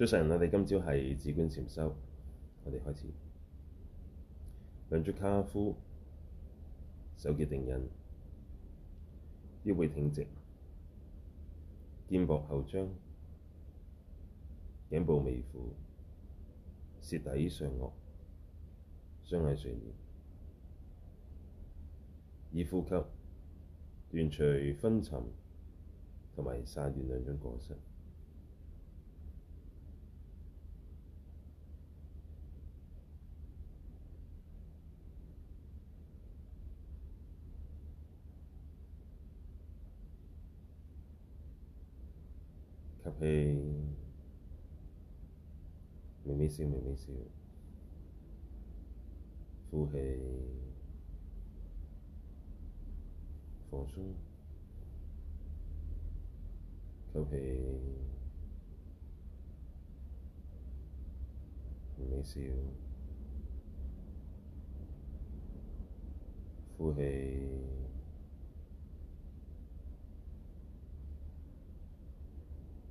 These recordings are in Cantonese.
早晨，我哋今朝係止觀禪修。我哋開始兩足跏趺手結定印，腰背挺直，肩膊後張，頸部微俯，舌抵上顎，雙眼垂簾，以呼吸斷除昏沉，同埋散亂兩種過失。吸氣，微微笑，微微笑。呼氣，放鬆。吸氣，微微笑。呼氣。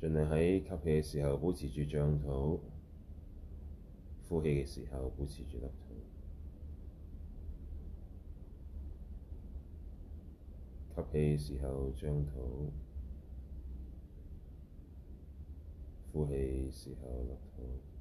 盡量喺吸氣嘅時候保持住脹肚，呼氣嘅時候保持住粒肚。吸氣嘅時候脹肚，呼氣嘅時候粒肚。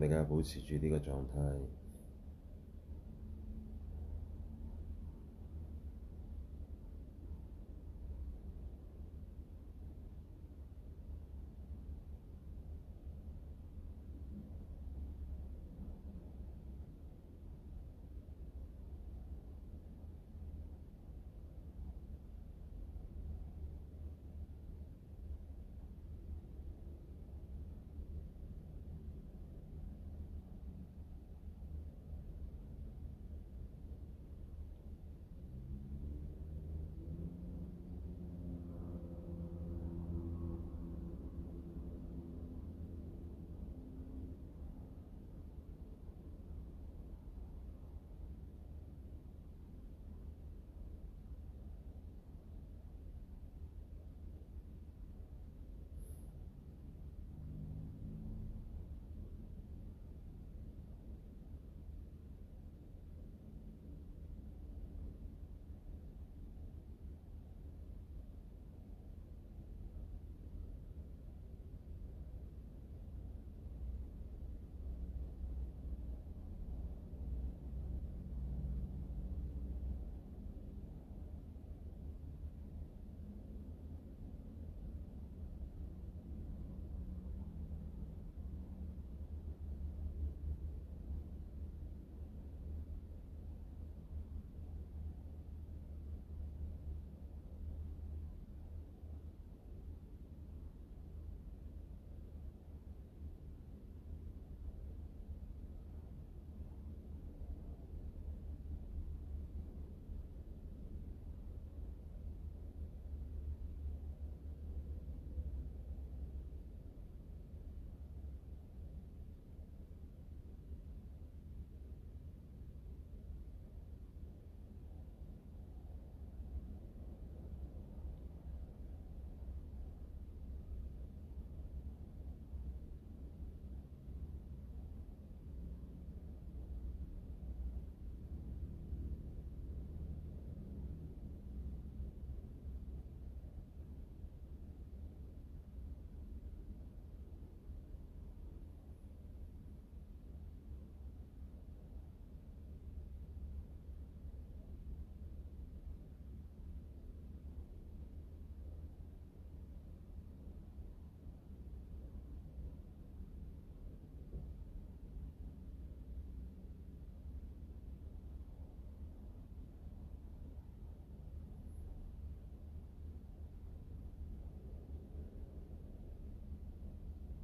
大家保持住呢個狀態。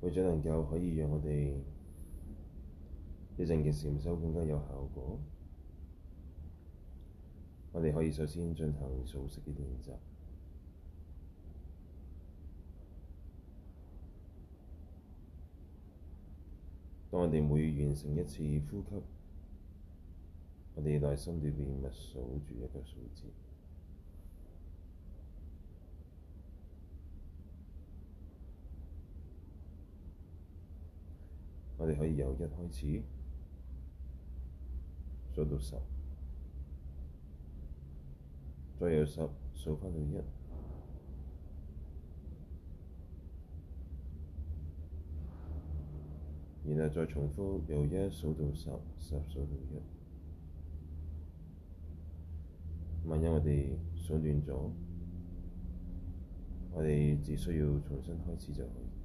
為咗能夠可以讓我哋一陣嘅禪修更加有效果，我哋可以首先進行數息嘅練習。當我哋每完成一次呼吸，我哋內心裏面默數住一個數字。我哋可以由一開始數到十，再由十數返到一，然後再重複由一數到十，十數到一。萬一我哋數亂咗，我哋只需要重新開始就可以。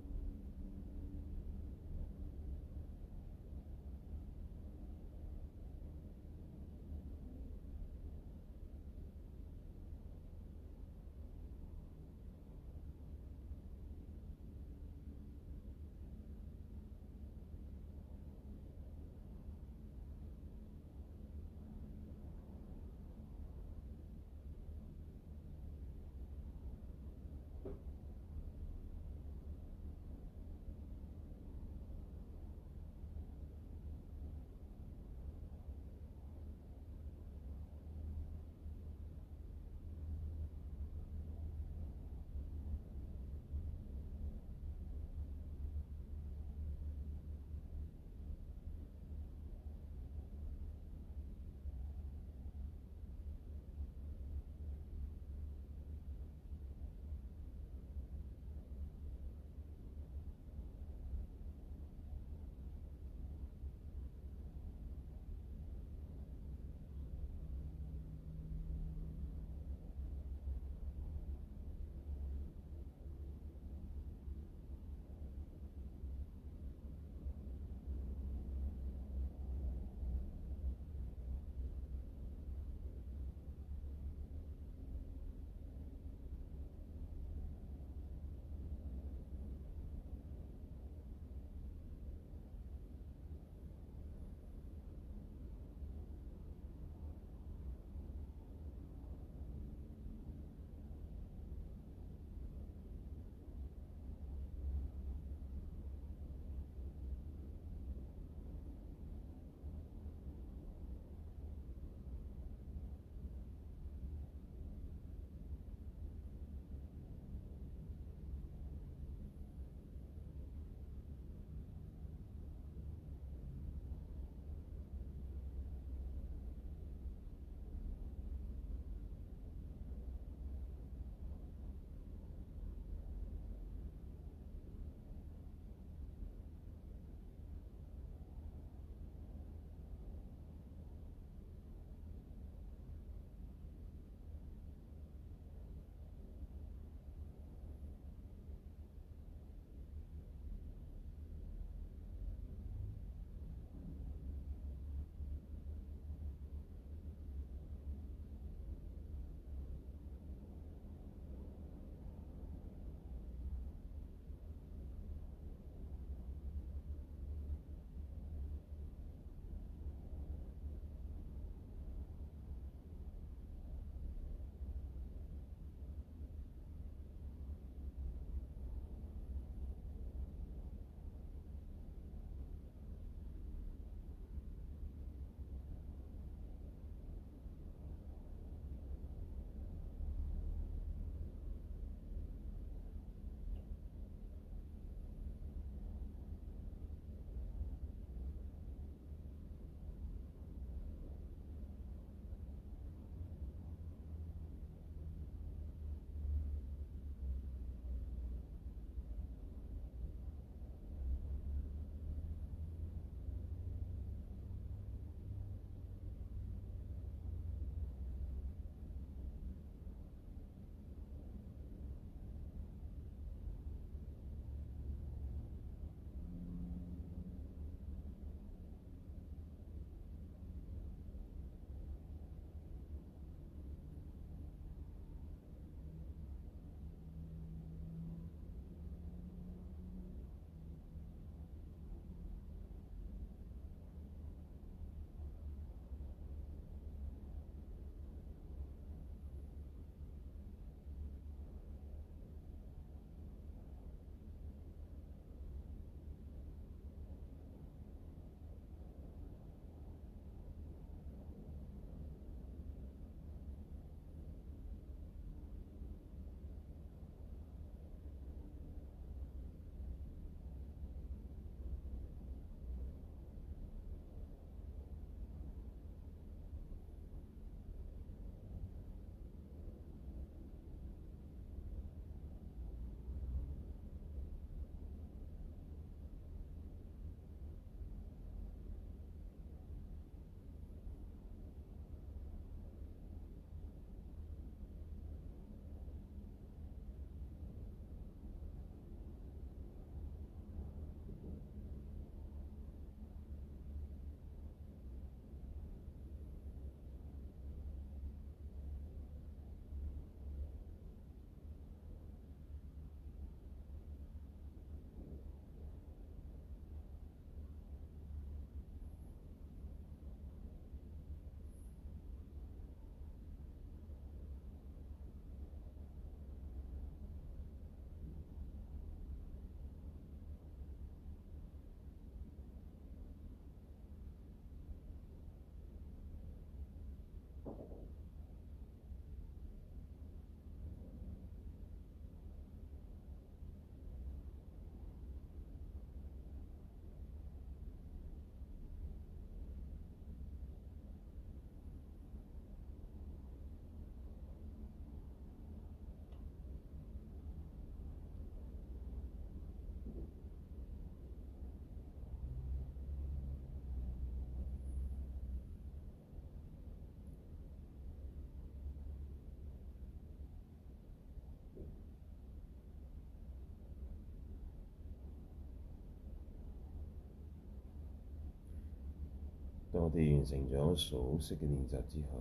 當我哋完成咗數息嘅練習之後，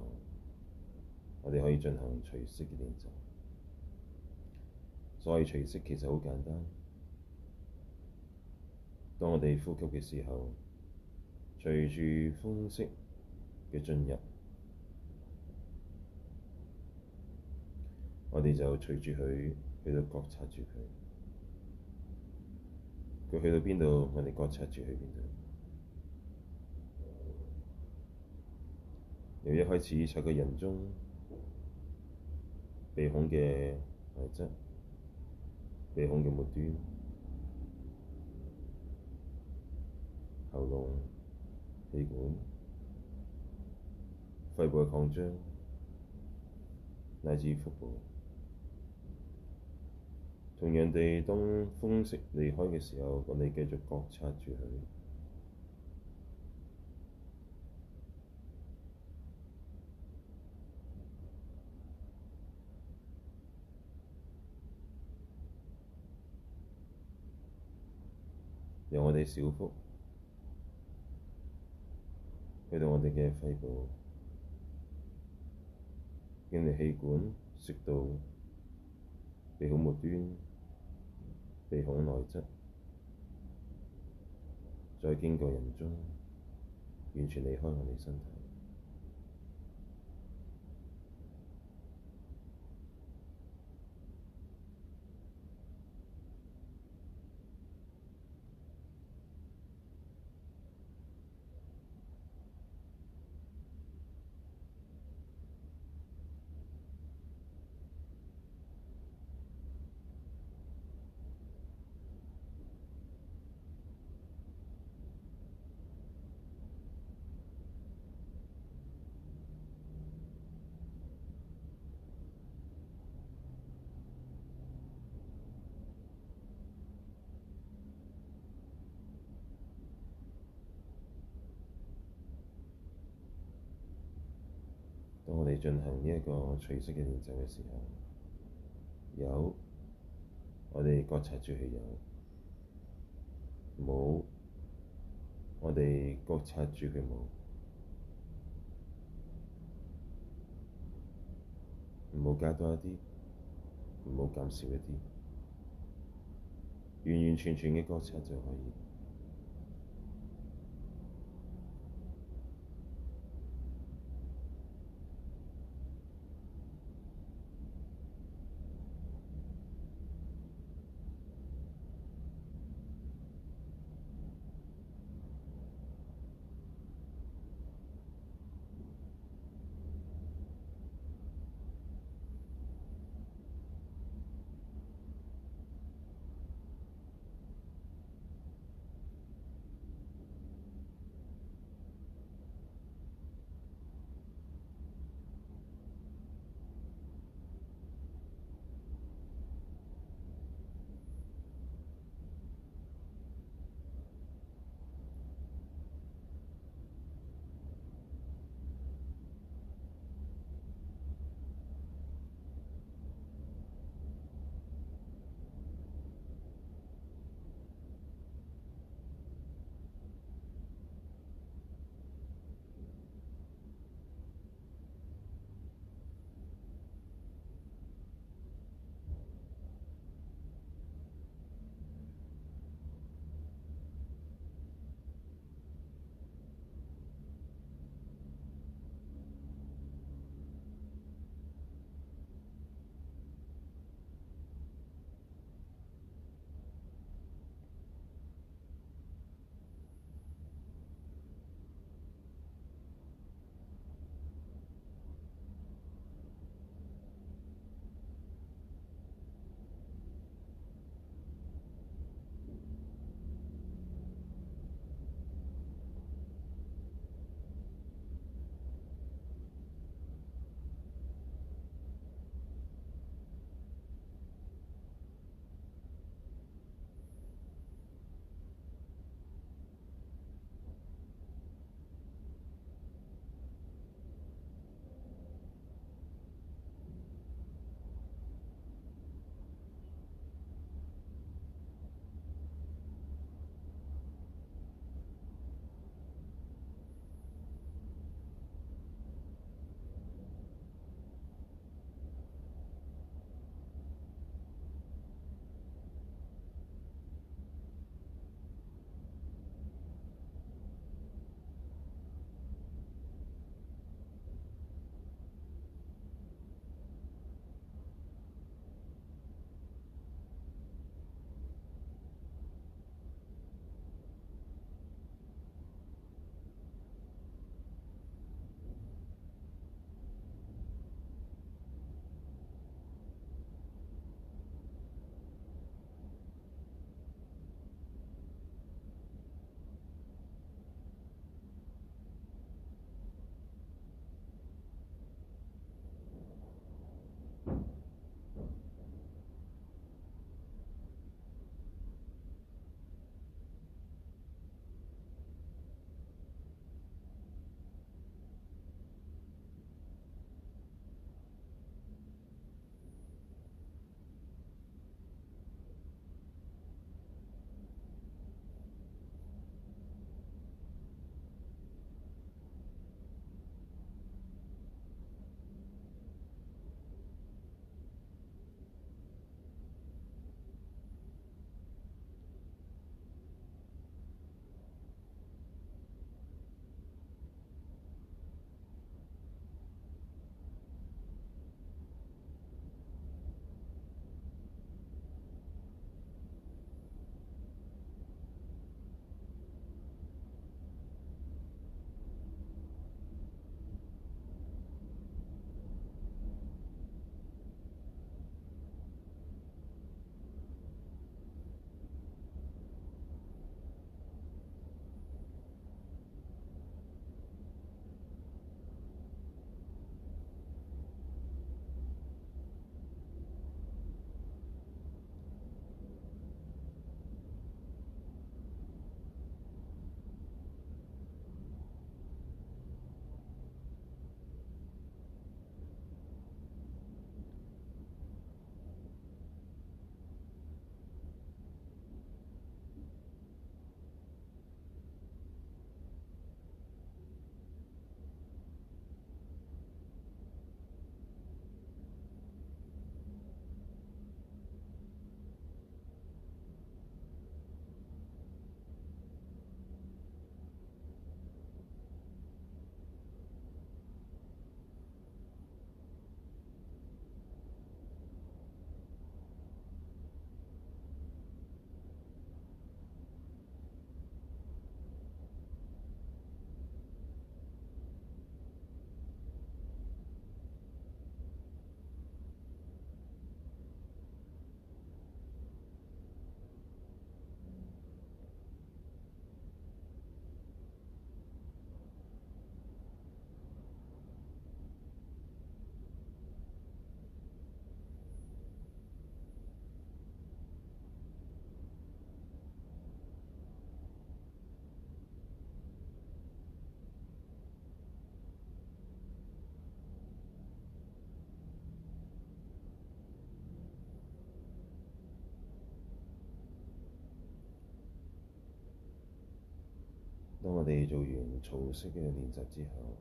我哋可以進行隨息嘅練習。所以隨息其實好簡單，當我哋呼吸嘅時候，隨住風息嘅進入，我哋就隨住佢去到覺察住佢。佢去到邊度，我哋覺察住去邊度。由一開始察覺人中鼻孔嘅位置、鼻孔嘅末端、喉嚨、氣管、肺部嘅擴張，乃至腹部，同樣地，當風息離開嘅時候，我哋繼續覺察住佢。由我哋小腹去到我哋嘅肺部，經過氣管、食道、鼻孔末端、鼻孔內側，再經過人中，完全離開我哋身體。進行呢一個隨息嘅練習嘅時候，有我哋覺察住佢有，冇我哋覺察住佢冇，唔好加多一啲，唔好減少一啲，完完全全嘅覺察就可以。當我哋做完儲式嘅練習之後，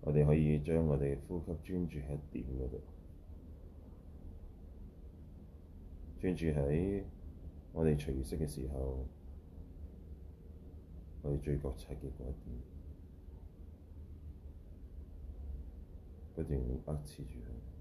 我哋可以將我哋呼吸專注喺一點嗰度，專注喺我哋隨息嘅時候，我哋最覺察嘅嗰一點，不斷咁把持住佢。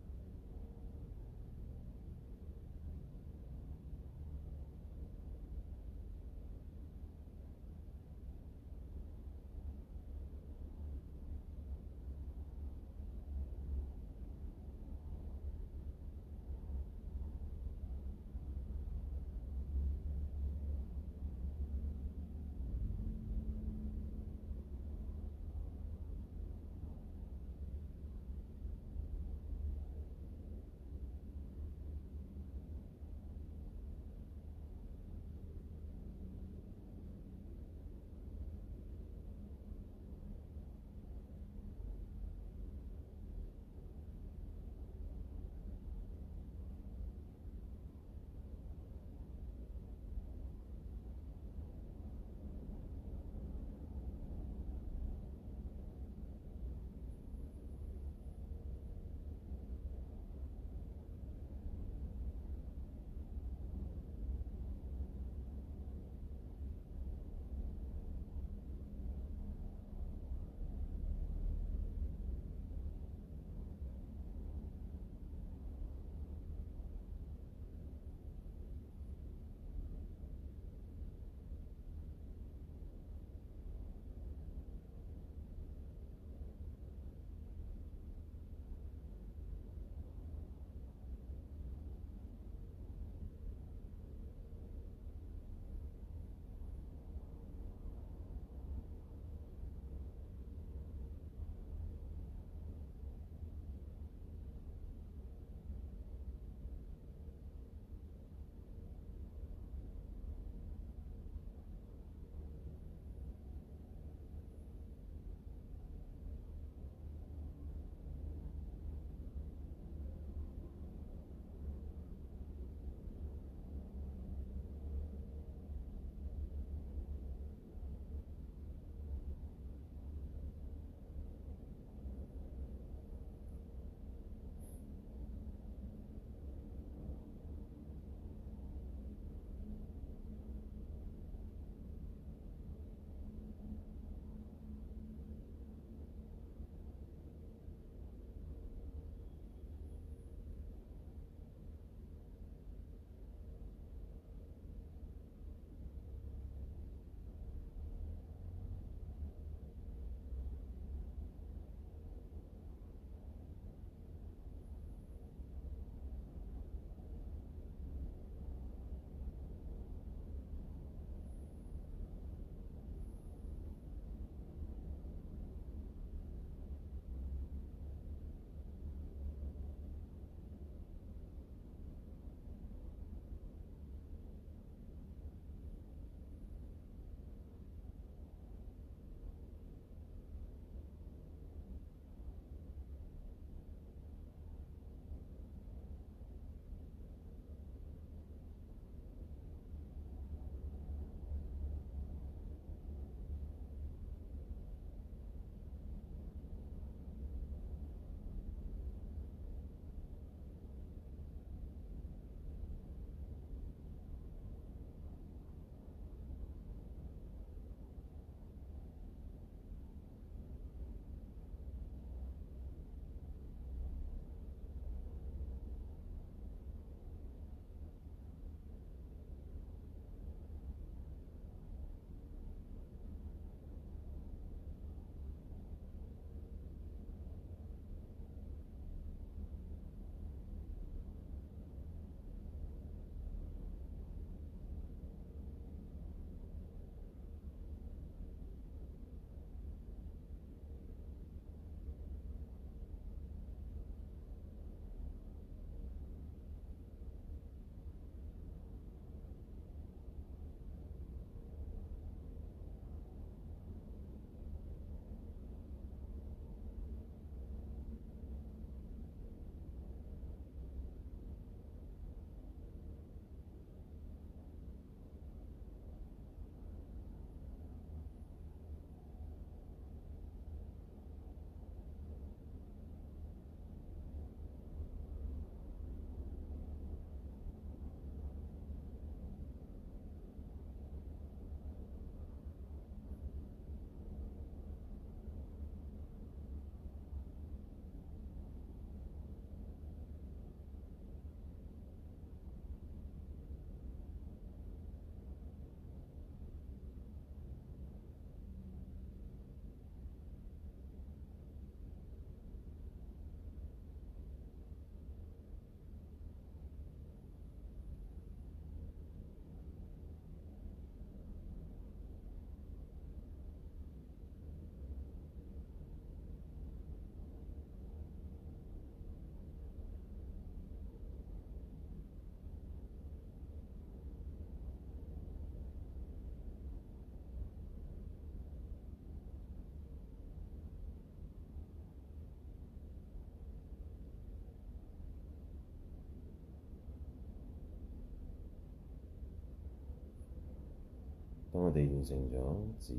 當我哋完成咗紫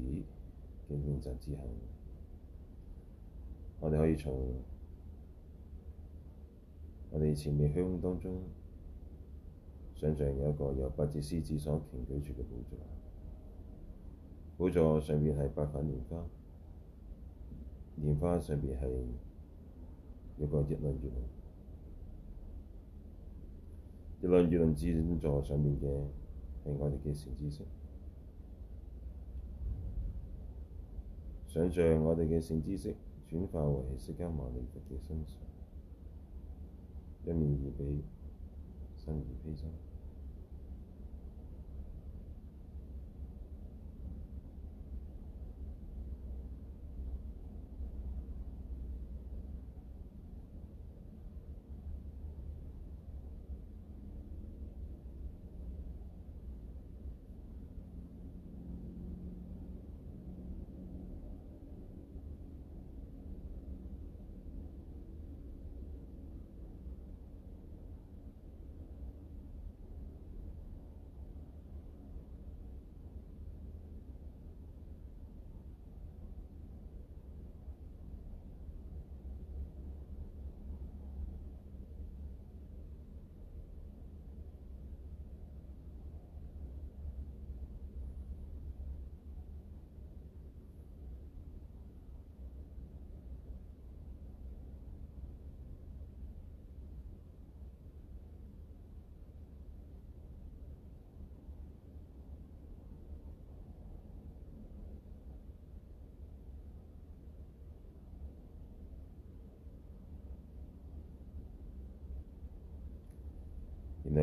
嘅天神之後，我哋可以從我哋前面虛空當中，想像有一個由八隻獅子所團舉住嘅寶座，寶座上面係八瓣蓮花，蓮花上面係一個日輪月輪，日輪月輪之座上面嘅係我哋嘅善知識。想象我哋嘅善知識轉化為釋迦牟尼佛嘅身上，一面而被身而披上。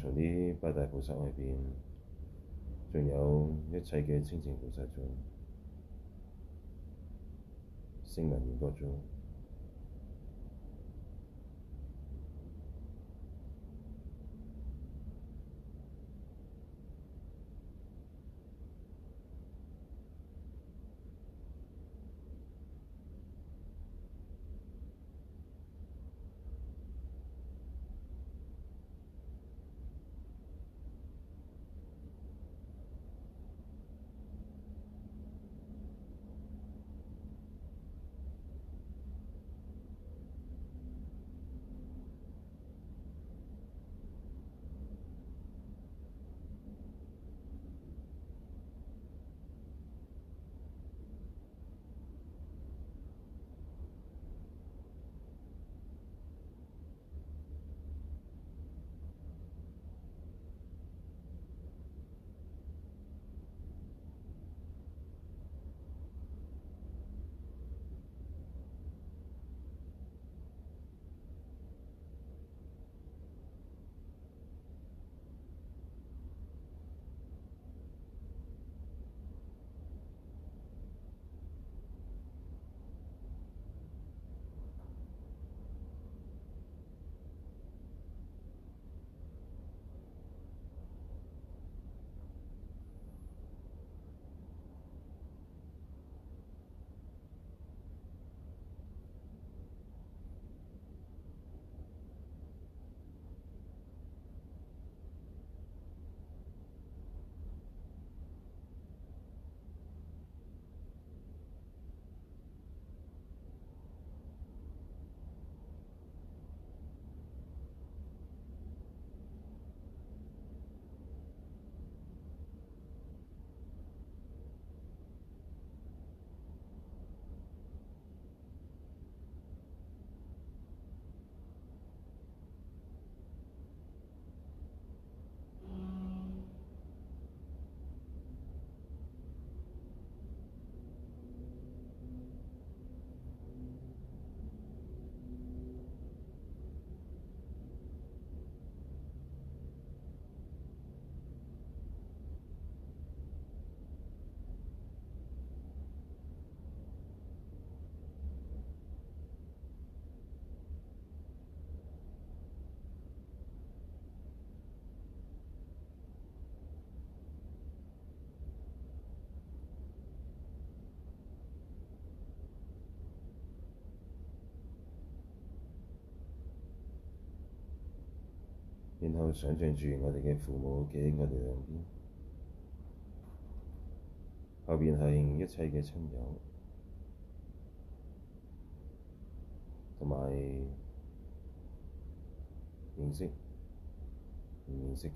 除呢八大菩薩外面，仲有一切嘅清淨菩薩眾、聲聞緣覺眾。然後想象住我哋嘅父母企喺我哋兩邊，後邊係一切嘅親友，同埋認識、唔認識嘅。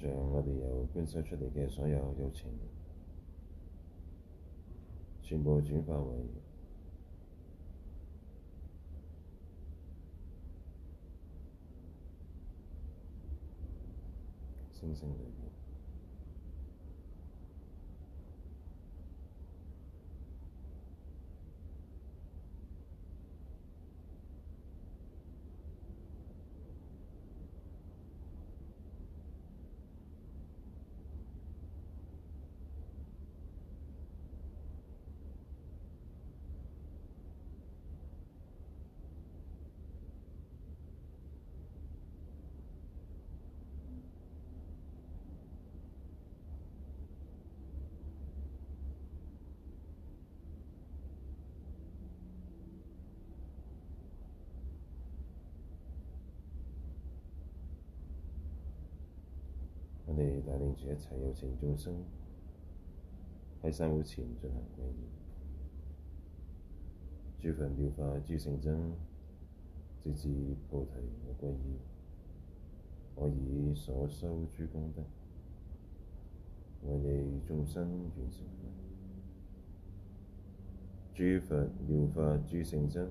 我哋由捐出嚟嘅所有錢，全部轉化為星星。一切有情眾生喺三寶前進行歸依，諸佛妙法諸聖僧，直至菩提我歸依，我以所修諸功德，為利眾生願成佛。諸佛妙法諸聖僧，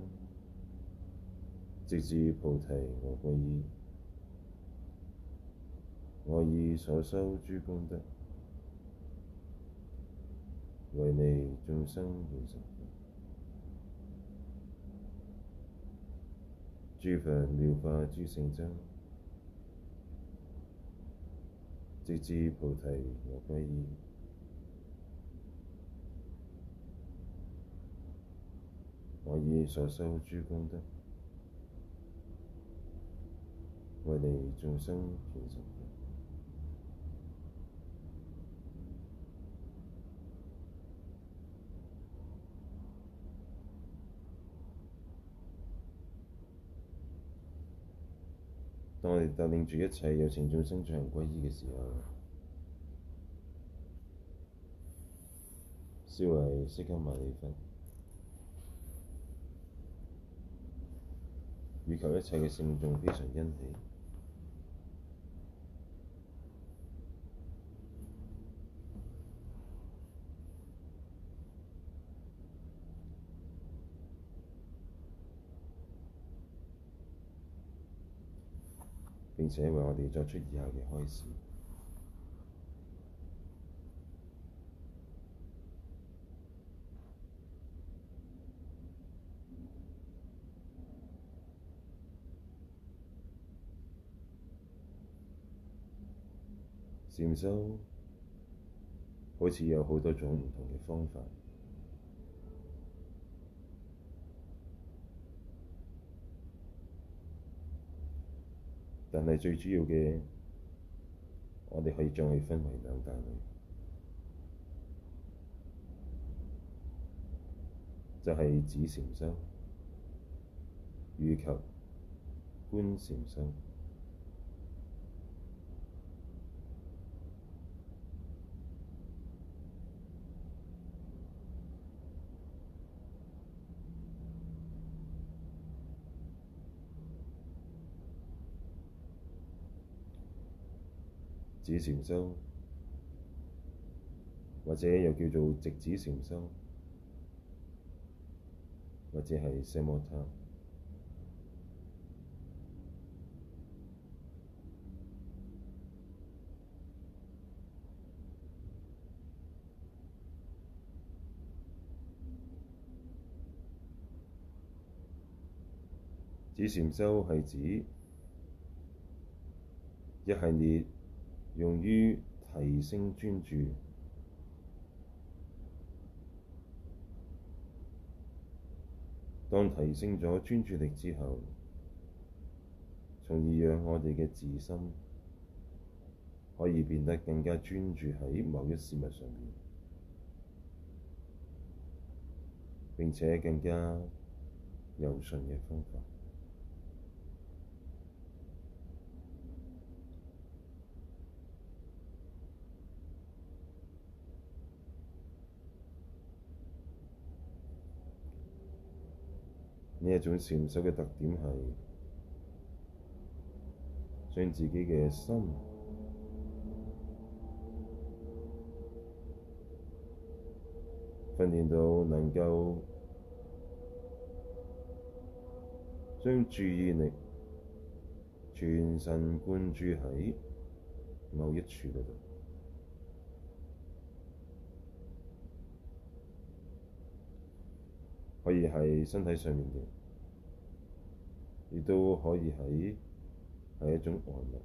直至菩提我歸依。我以所修諸功德，為利眾生現神通，諸佛妙法諸成就，直至菩提無歸依，我以所修諸功德，為利眾生現神當我哋帶領住一切有情眾生進行皈依嘅時候，思維釋迦牟尼佛，祈求一切嘅聖眾非常欣喜。並且為我哋作出以後嘅開始。禪修好似有好多種唔同嘅方法。但係最主要嘅，我哋可以將佢分為兩大類，就係止禪修，與及觀禪修。止禪修或者又叫做寂止禪修，或者係奢摩他，止禪修係指一系列，用於提升專注，當提升咗專注力之後，從而讓我哋嘅自心可以變得更加專注喺某一事物上面，並且更加柔順嘅方法。呢一種禪修嘅特點係將自己嘅心訓練到能夠將注意力全神貫注喺某一處度。可以喺身體上面嘅，亦都可以喺係一種外物。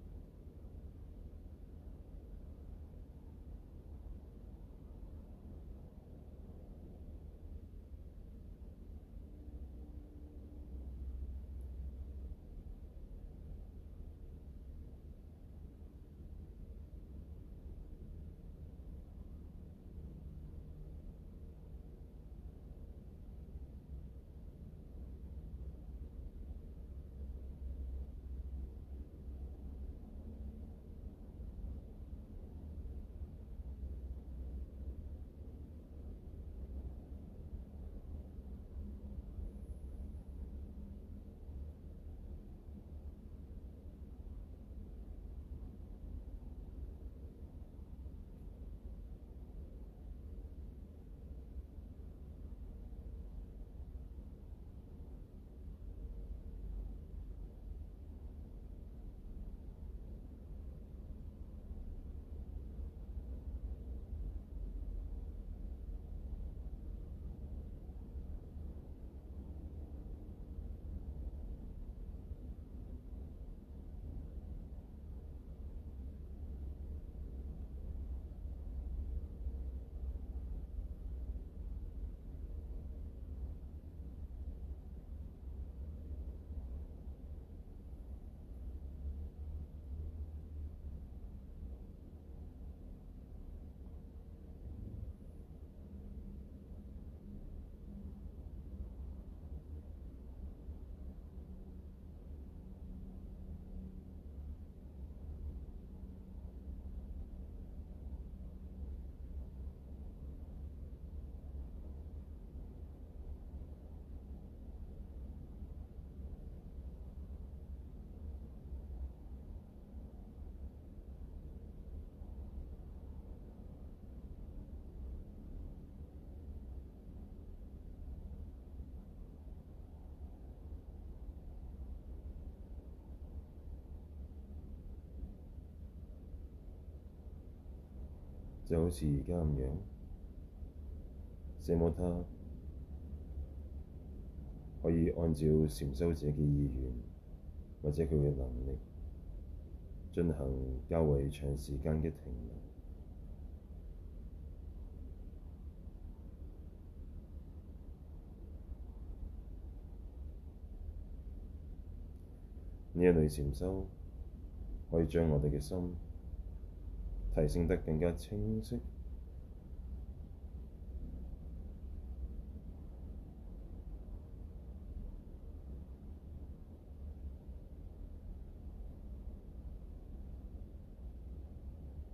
就好似而家咁樣，奢摩他可以按照禪修者嘅意願，或者佢嘅能力，進行較為長時間嘅停留。呢一類禪修，可以將我哋嘅心，提升得更加清晰，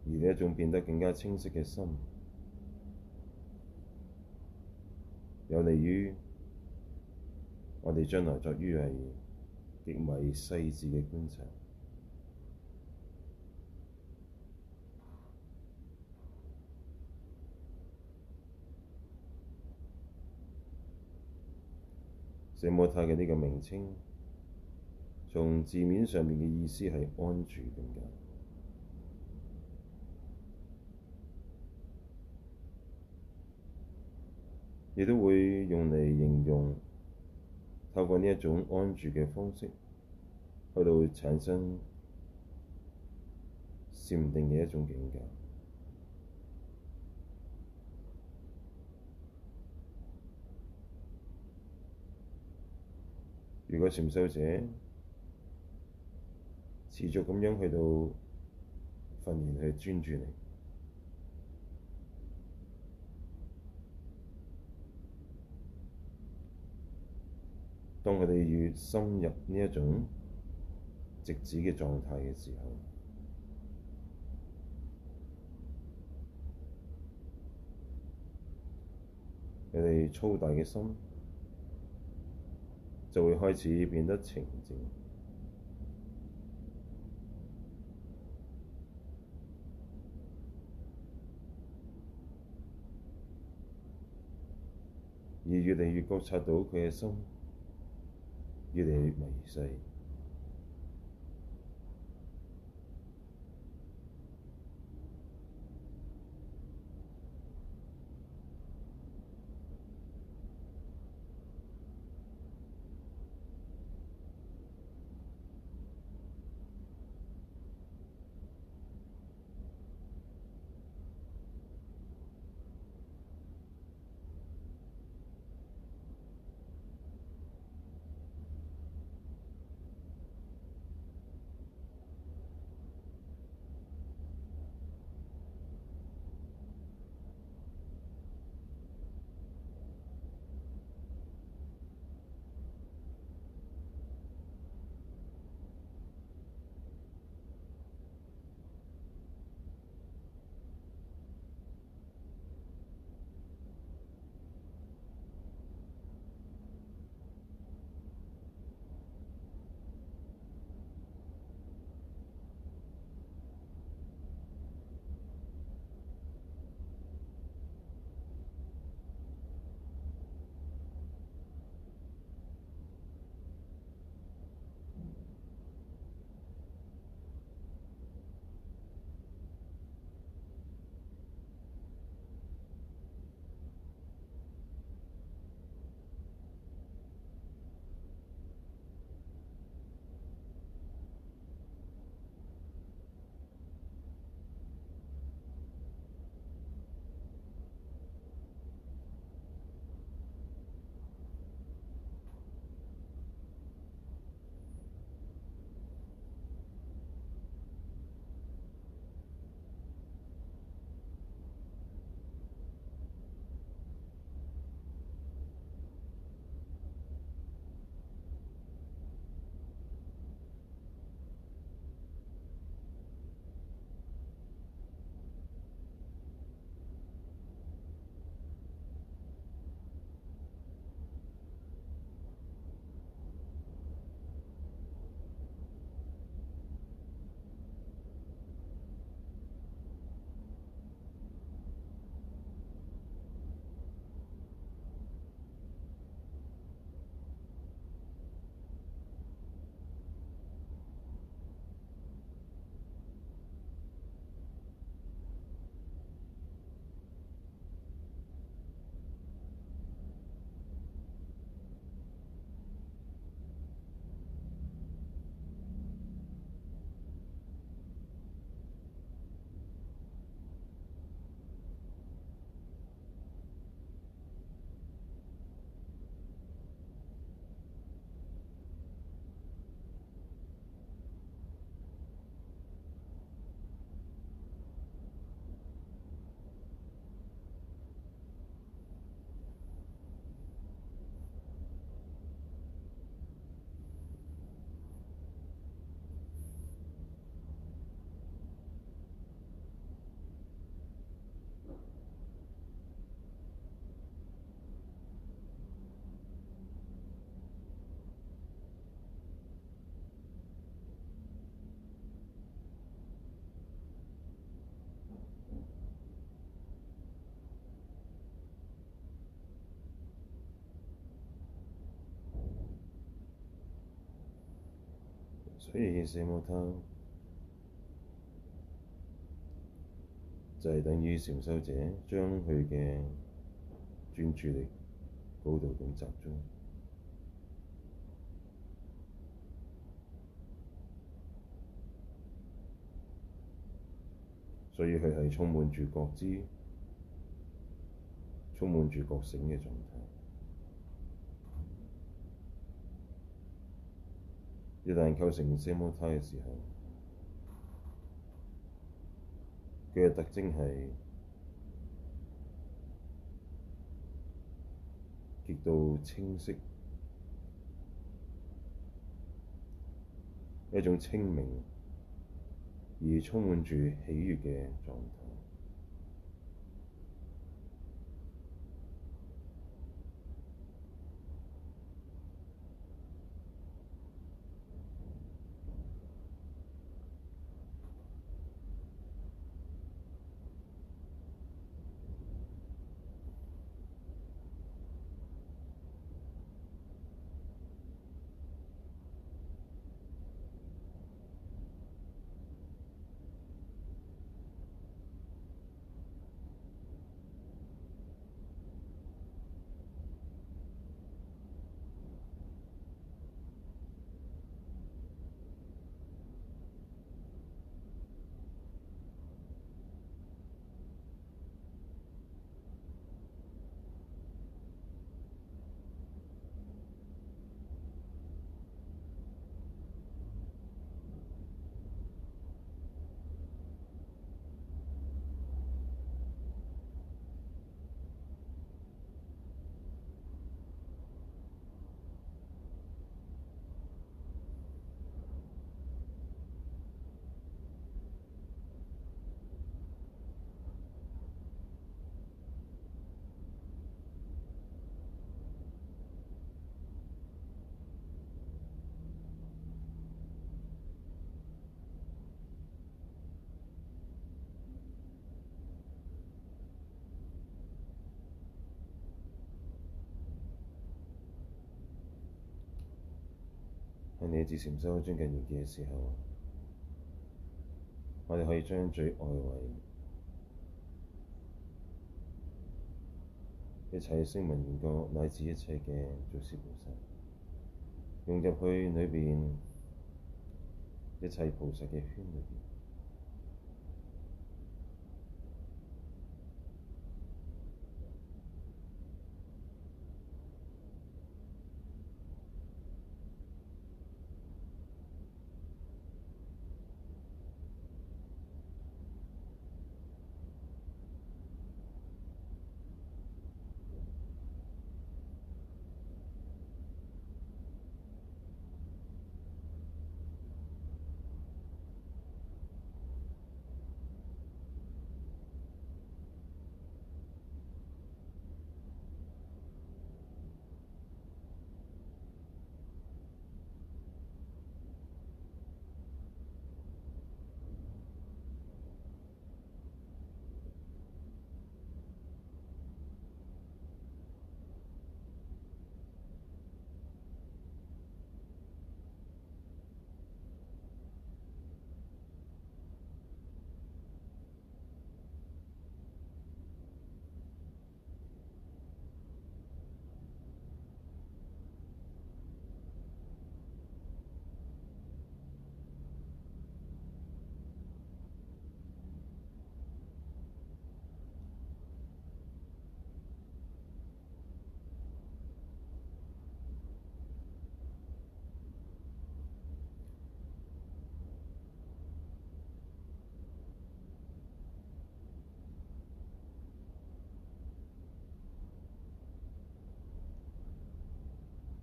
而呢一種變得更加清晰嘅心，有利於我哋將來作於係極為細緻嘅觀察。奢摩他嘅呢個名稱，從字面上面嘅意思係安住咁解，亦都會用嚟形容透過呢一種安住嘅方式，去到會產生禪定嘅一種境界。如果禪修者持續咁樣去到訓練去專注你，當佢哋越深入呢一種直指嘅狀態嘅時候，佢哋粗大嘅心，就會開始變得沉靜，而越嚟越覺察到佢嘅心，越嚟越微細。譬如奢摩他，就係、是、等於禪修者將佢嘅專注力高度咁集中，所以佢係充滿住覺知、充滿住覺醒嘅狀態。一旦構成三摩他嘅時候，佢嘅特徵係極度清晰，一種清明而充滿住喜悅嘅狀態。你自前修一尊更圓滿嘅時候，我哋可以將最外圍一切聲聞緣覺乃至一切嘅做事本身，融入去裏邊一切菩薩嘅圈裏邊。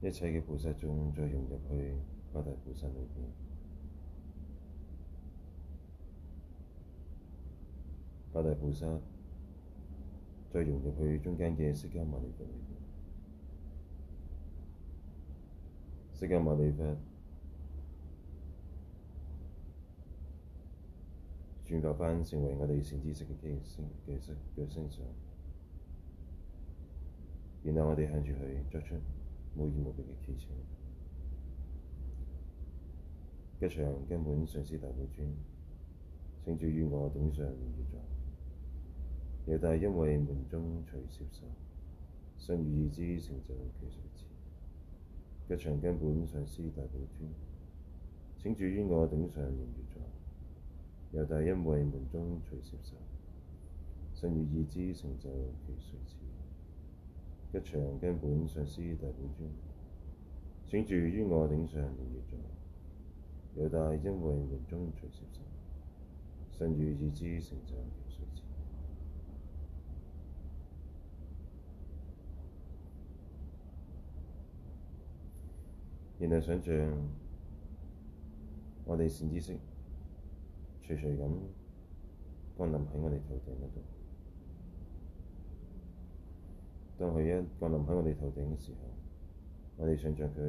一切嘅菩薩，再再融入去八大菩薩裏面，八大菩薩再融入去中間嘅釋迦牟尼佛裏邊，釋迦牟尼佛轉化翻成為我哋善知識嘅基先嘅識嘅升上，然後我哋向住佢作出。無言無語嘅奇情，吉祥根本上師大寶尊，請住於我頂上蓮月座。又大因為門中隨攝受，身語意之成就其誰知？吉祥根本上師大寶尊，請住於我頂上蓮月座。又大因為門中隨攝受，身語意之成就其誰知？一場根本上師大本尊，請住於我頂上中，年月在，有大因緣緣中隨攝受，信如是知成就妙水池。現在想像我哋善知識，徐徐咁降臨喺我哋頭頂嗰度。當佢一降臨喺我哋頭頂嘅時候，我哋想像佢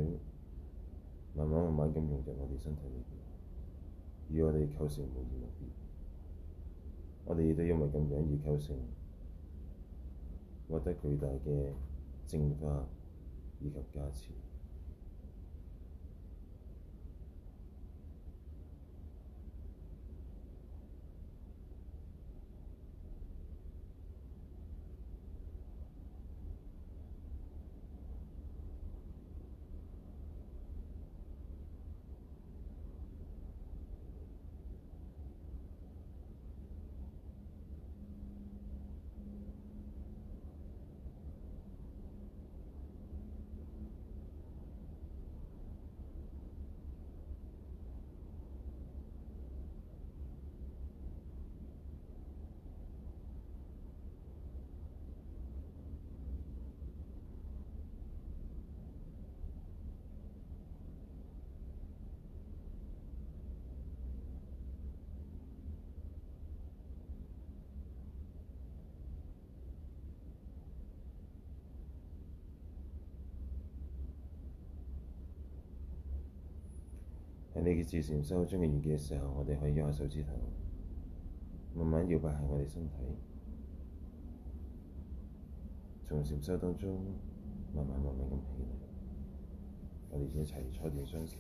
慢慢慢慢咁融入我哋身體裏邊，而我哋構成無形無邊。我哋亦都因為咁樣而構成獲得巨大嘅正化以及價錢。自禪修終於完結嘅時候，我哋可以郁下手指頭，慢慢搖擺喺我哋身體，從禪修當中慢慢慢慢咁起來。我哋一齊搓掂雙手。